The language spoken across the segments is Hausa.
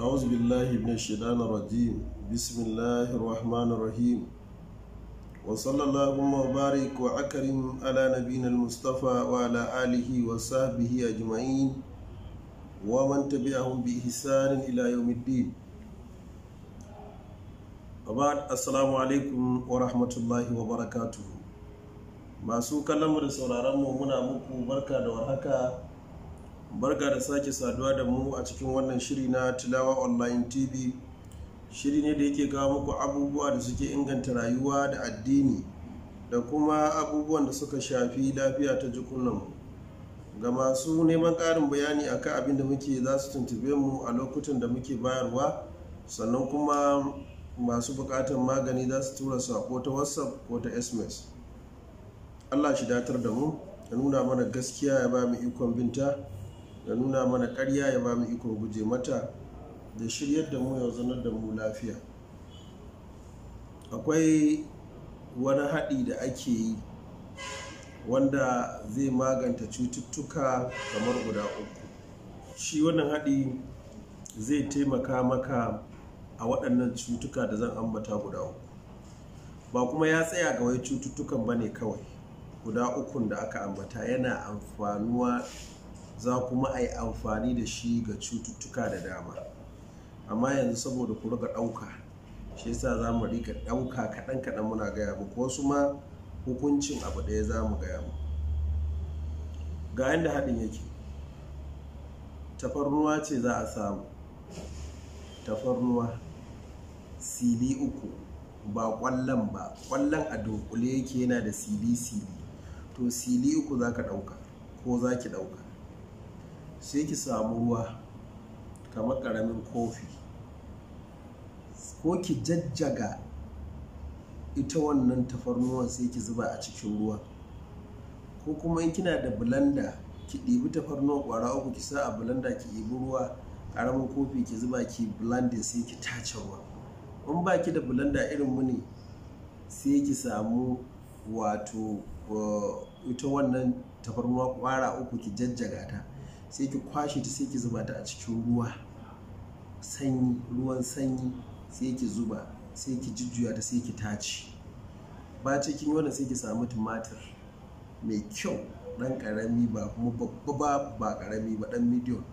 أعوذ بالله من الشيطان الرجيم بسم الله الرحمن الرحيم وصلى اللهم وبارك وأكرم على نبينا المصطفى وعلى آله وصحبه أجمعين ومن تبعهم بإحسان إلى يوم الدين وبعد السلام عليكم ورحمة الله وبركاته masu kallon da sauraron mu muna muku barka da warhaka barka da sake saduwa da mu a cikin wannan shiri na tilawa online tv shiri ne da yake kawo muku abubuwa da suke inganta rayuwa da addini da kuma abubuwan da suka shafi lafiya ta jikunanmu ga masu neman ƙarin bayani akan abin da muke za su tuntube mu a lokutan da muke bayarwa sannan kuma masu buƙatar magani za su tura sako ta whatsapp ko ta sms allah shi datar da mu ya nuna mana gaskiya ya ba mu ikon binta da nuna mana karya ya ba mu ikon guje mata da shiryar da mu ya zanar da mu lafiya akwai wani haɗi da ake yi wanda zai maganta cututtuka kamar guda uku shi wannan haɗi zai taimaka maka a waɗannan cututtuka da zan ambata guda uku ba kuma ya tsaya ga wai cututtukan ba ne kawai guda ukun da aka ambata yana amfanuwa za kuma a yi amfani da shi ga cututtuka da dama amma yanzu saboda ku rika ɗauka shi yasa za mu riga ɗauka kaɗan kaɗan muna gaya muku wasu ma hukuncin abu ɗaya za mu gaya mu ga yadda haɗin yake tafarnuwa ce za a samu tafarnuwa sili uku ba ƙwallon ba ƙwallon a dunkule yake yana da sili sili to sili uku za ka ɗauka ko za ki ɗauka sai ki samu ruwa kamar karamin kofi ko ki jajjaga ita wannan tafarnuwan sai ki zuba a cikin ruwa ko kuma in kina da blanda ki ɗibi tafarnuwan ƙwara uku ki sa a blanda ki ɗibi ruwa ƙaramin kofi ki zuba ki blanda sai ki tace ruwa in ba ki da blanda irin mu ne sai ki samu wato eh, ita wannan tafarnuwa ƙwara uku ki jajjaga ta sai ki kwashe ta sai ki zuba ta a cikin ruwa sanyi ruwan sanyi sai ki zuba sai ki jujjuya ta sai ki tace ba cikin wannan sai ki samu tumatir mai kyau dan karami ba kuma babba ba ba karami ba dan medium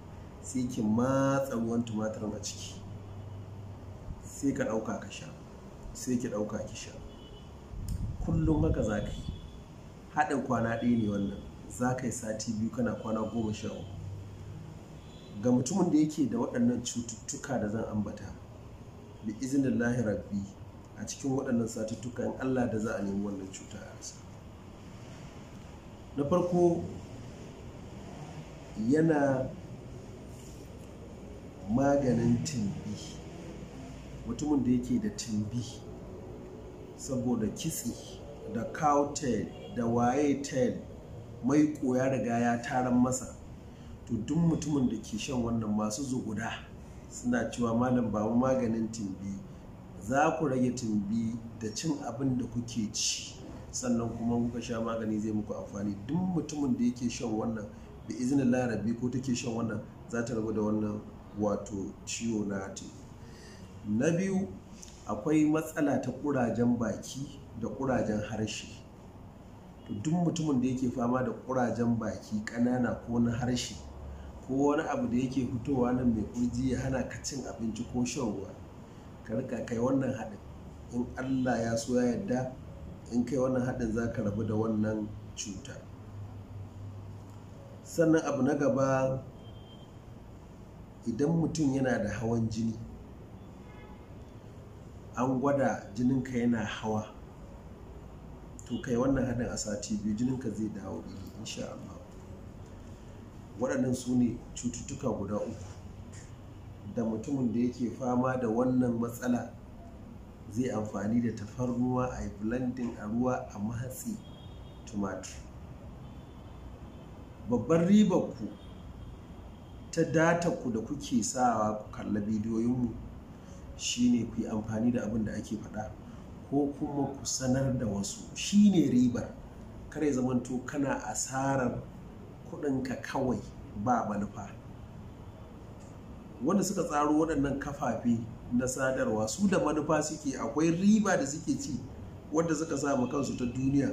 sai ki matsa ruwan tumatir a ciki sai ka dauka ka sha sai ki dauka ki sha kullum haka za ka yi haɗin kwana ɗaya ne wannan za ka yi sati biyu kana kwana goma sha uku ga mutumin da yake da waɗannan cututtuka da zan ambata bi izinin rabbi a cikin waɗannan satuttuka in allah da za a nemi wannan cuta a rasa na farko yana maganin timbi mutumin da yake da timbi saboda kitse da cow tail da waye tail mai koya riga ya taron masa to duk mutumin da ke shan wannan masu zuguda suna cewa malam babu maganin timbi za ku rage timbi da cin abin da kuke ci sannan kuma kuka sha magani zai muku amfani duk mutumin da yake shan wannan bi izinin larabi ko take shan wannan za ta rabu da wannan wato ciwo na na biyu akwai matsala ta kurajen baki da kurajen harshe duk mutumin da yake fama da kurajen baki ƙanana ko na harshe ko wani abu da yake fitowa nan mai kurji ya hana ka cin abinci ko shan ruwa ka rika kai wannan haɗin in allah ya so ya yadda in kai wannan haɗin za ka rabu da wannan cuta sannan abu na gaba idan mutum yana da hawan jini an gwada jininka yana hawa to kai wannan haɗin a sati biyu jininka zai dawo daidai insha Allah waɗannan su ne cututtuka guda uku da mutumin da yake fama da wannan matsala zai amfani da tafarnuwa a yi blending a ruwa a mahatsi tumatur babban ribar ku ta data ku da kuke sawa ku kalla bidiyoyinmu shine ku yi amfani da abin da ake faɗa ko kuma ku sanar da wasu shine ribar kare zamanto kana asarar kuɗinka kawai ba manufa wanda suka tsaro waɗannan kafafe na sadarwa su da manufa suke akwai riba da suke ci wanda suka samu kansu ta duniya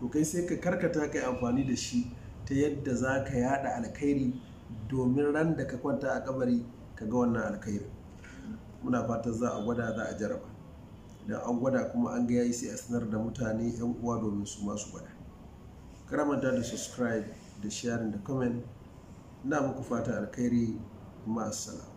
to kai sai ka karkata ka yi amfani da shi ta yadda za ka yada alkhairi domin ran da ka kwanta a kabari ka ga wannan alkhairi muna fatan za a gwada za a jaraba idan an gwada kuma an ga yayi sai a sanar da mutane yan uwa domin su masu gwada karamanta da subscribe da sharing da comment na muku fata alkhairi ma'assalam